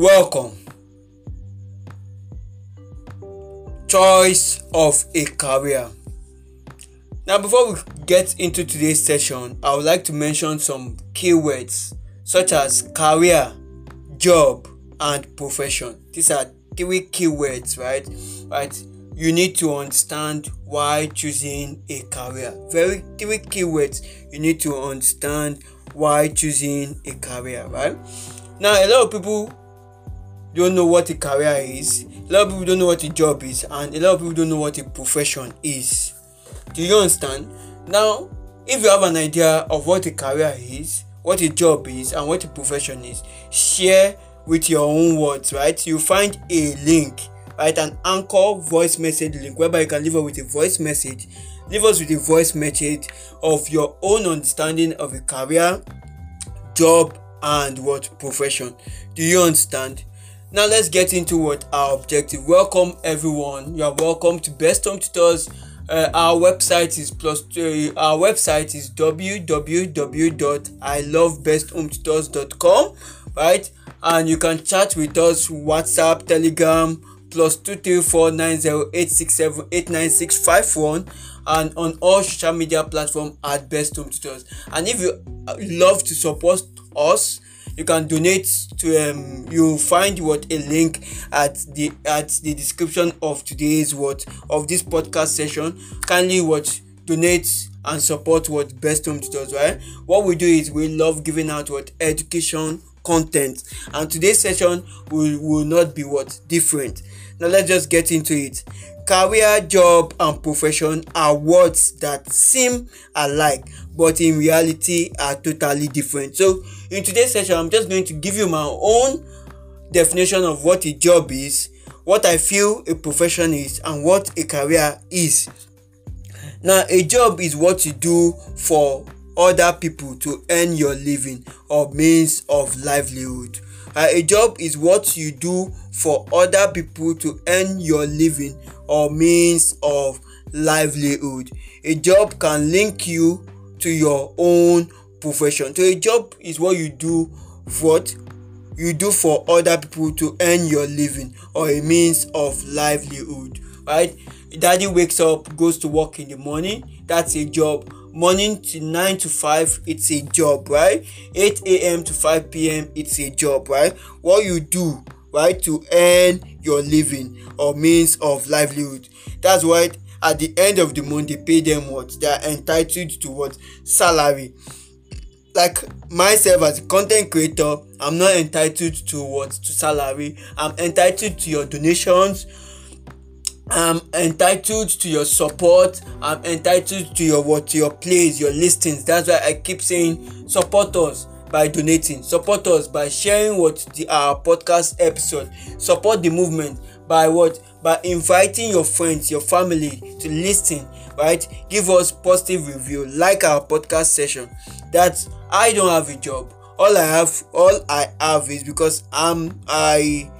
Welcome. Choice of a career. Now, before we get into today's session, I would like to mention some keywords such as career, job, and profession. These are three keywords, right? Right. You need to understand why choosing a career. Very three keywords. You need to understand why choosing a career, right? Now, a lot of people don't know what a career is a lot of people don't know what a job is and a lot of people don't know what a profession is do you understand now if you have an idea of what a career is what a job is and what a profession is share with your own words right you find a link right an anchor voice message link whereby you can leave us with a voice message leave us with a voice message of your own understanding of a career job and what profession do you understand Now let's get into what our objective. Welcome everyone. You are welcome to Best Home Tutors. Uh, our website is plus uh, our website is www.ilovebesthometutors.com right and you can chat with us whatsapp telegram plus two three four nine zero eight six seven eight nine six five one and on all social media platform at best home tutors and if you love to support us you can donate to um you find what a link at the at the description of today's what of this podcast session kindly what donate and support what best home tutors right what we do is we love giving out what education content and today's session will will not be what different now let's just get into it career job and profession are words that seem alike but in reality are totally different so in today's session i'm just going to give you my own definition of what a job is what i feel a profession is and what a career is now a job is what you do for other people to earn your living or means of livelihood uh, a job is what you do for other people to earn your living or means of livelihood. A job can link you to your own profession. So a job is what you do what you do for other people to earn your living or a means of livelihood. Right? Daddy wakes up, goes to work in the morning. That's a job. Morning to nine to five, it's a job, right? Eight a.m. to five p.m., it's a job, right? What you do right to earn your living or means of livelihood that's why at the end of the month they pay them what they are entitled to what salary like myself as a content creator i'm not entitled to what to salary i'm entitled to your donations i'm entitled to your support i'm entitled to your what your plays your listings that's why i keep saying support us by donating support us by sharing what the our podcast episode support the movement by what by inviting your friends your family to lis ten right give us positive review like our podcast session that i don't have a job all i have all i have is because i'm i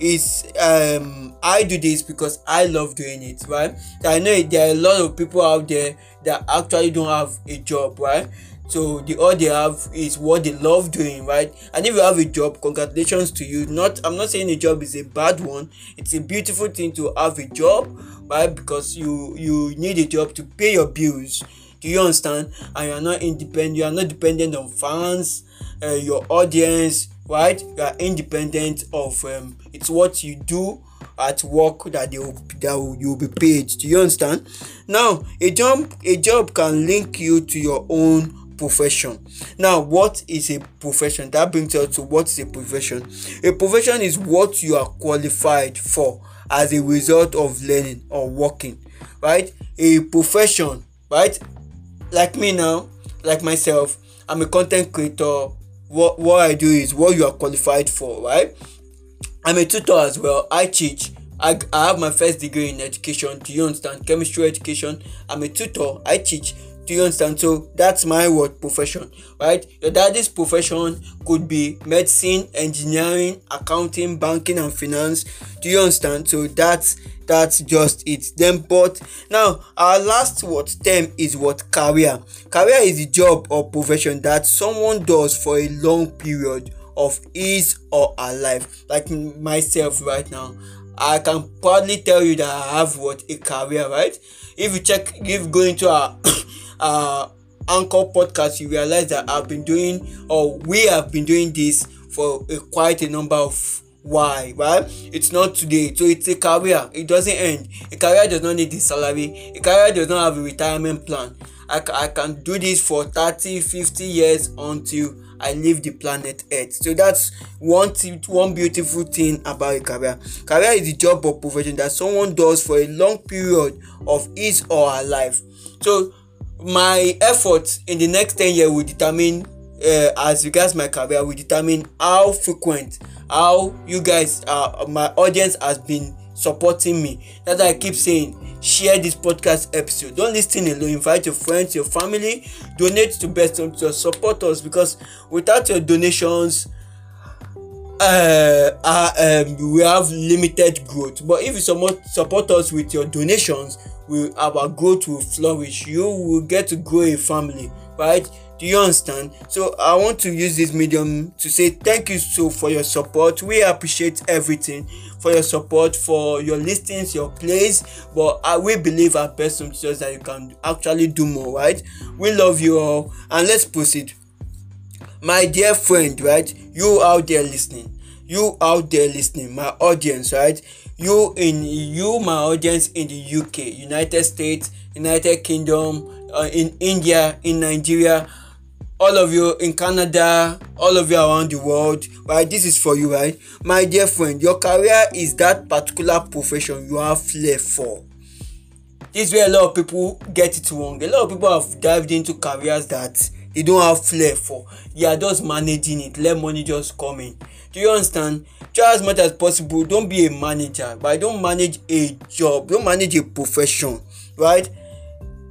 is um i do this because i love doing it right i know there are a lot of people out there that actually don't have a job right so the all they have is what they love doing right and if you have a job congratulations to you not i'm not saying a job is a bad one it's a beautiful thing to have a job right because you you need a job to pay your bills do you understand and you are not independent you are not dependent on fans uh, your audience right you are independent of um, it's what you do at work that they will, that will, you be paid do you understand now a job a job can link you to your own profession. Now, what is a profession? That brings us to what is a profession. A profession is what you are qualified for as a result of learning or working, right? A profession, right? Like me now, like myself, I'm a content creator. What, what I do is what you are qualified for, right? I'm a tutor as well. I teach. I, I have my first degree in education. Do you understand? Chemistry education. I'm a tutor. I teach. Do you understand? So that's my word profession, right? Your daddy's profession could be medicine, engineering, accounting, banking, and finance. Do you understand? So that's that's just it. Then, but now our last word term is what career. Career is the job or profession that someone does for a long period of his or her life. Like myself right now, I can proudly tell you that I have what a career, right? If you check, if you go into our uh, Anchor podcast, you realize that I've been doing or we have been doing this for a, quite a number of why right it's not today so it's a career it doesn't end a career does not need a salary a career does not have a retirement plan i, I can do this for 30 50 years until i leave the planet earth so that's one thing one beautiful thing about a career career is the job or profession that someone does for a long period of his or her life so my effort in the next ten years will determine uh, as regards my career will determine how frequent how you guys uh, my audience has been supporting me that i keep saying share this podcast episode don lis ten alone invite your friends your family donate to best of your support us because without your donations uh, are, um, we have limited growth but if you support, support us with your donations we our growth will flourish you will get to grow a family right do you understand so i want to use this medium to say thank you so for your support we appreciate everything for your support for your listings your plays but i uh, we believe our best on that you can actually do more right we love you all and let's proceed my dear friend right you out there listening you out there listening my audience right you in you my audience in the uk united states united kingdom uh, in india in nigeria all of you in canada all of you around the world right this is for you right my dear friend your career is that particular profession you have flair for this is where a lot of people get it wrong a lot of people have dived into careers that You don't have flair for You are just managing it let money just come in do you understand try as much as possible don't be a manager but don't manage a job don't manage a profession right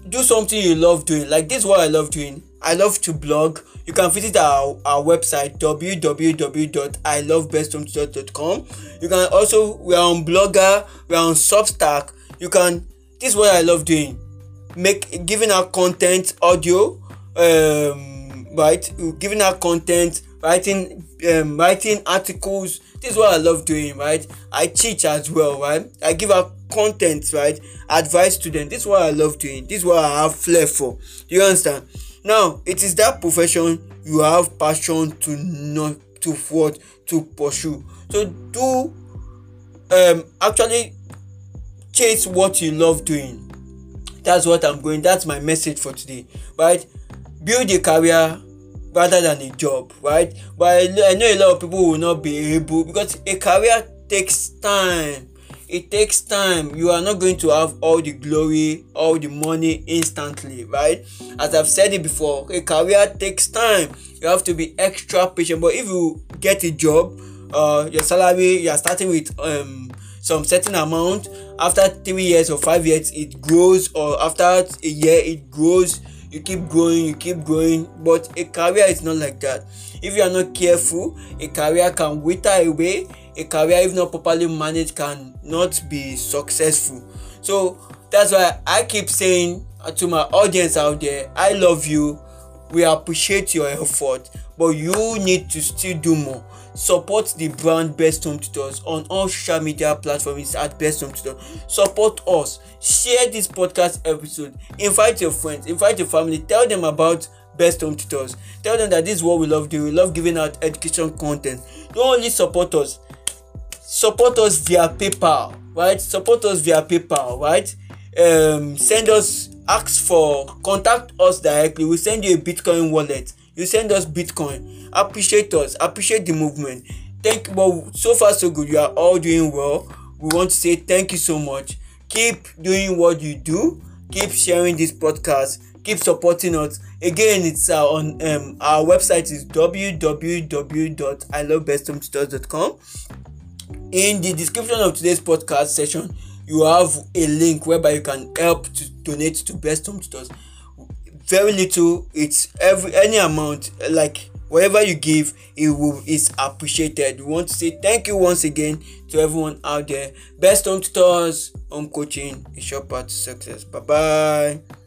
do something you love doing like this is what i love doing i love to blog you can visit our, our website www.ilovebesthomtutor.com you can also we are on blogger we are on substack you can this is what i love doing make giving out content audio um, right giving out content writing um, writing articles this is what i love doing right i teach as well right i give out content right advice to them this is what i love doing this is what i have flair for do you understand now it is that profession you have passion to not to what to pursue so do um, actually chase what you love doing that's what i'm going that's my message for today right build a career rather than a job right but I, know a lot of people will not be able because a career takes time it takes time you are not going to have all the glory all the money instantly right as i've said it before a career takes time you have to be extra patient but if you get a job uh your salary you are starting with um some certain amount after three years or five years it grows or after a year it grows you keep growing you keep growing but a career is not like that if you are not careful a career can wither away a career if not properly managed can not be successful so that's why i keep saying to my audience out there i love you we appreciate your effort but you need to still do more support the brand best home tutors on all social media platforms at best home tutors support us share this podcast episode invite your friends invite your family tell them about best home tutors tell them that this is what we love doing we love giving out education content don't only support us support us via paypal right support us via paypal right um, send us ask for contact us directly we send you a bitcoin wallet you send us bitcoin appreciate us appreciate the movement thank you well so far so good you are all doing well we want to say thank you so much keep doing what you do keep sharing this podcast keep supporting us again it's uh, on um, our website is www.ilovebestomtutors.com in the description of today's podcast session you have a link whereby you can help to donate to best home tutors very little it's every any amount like whatever you give it will is appreciated we want to say thank you once again to everyone out there best home tutors home coaching is your path to success bye bye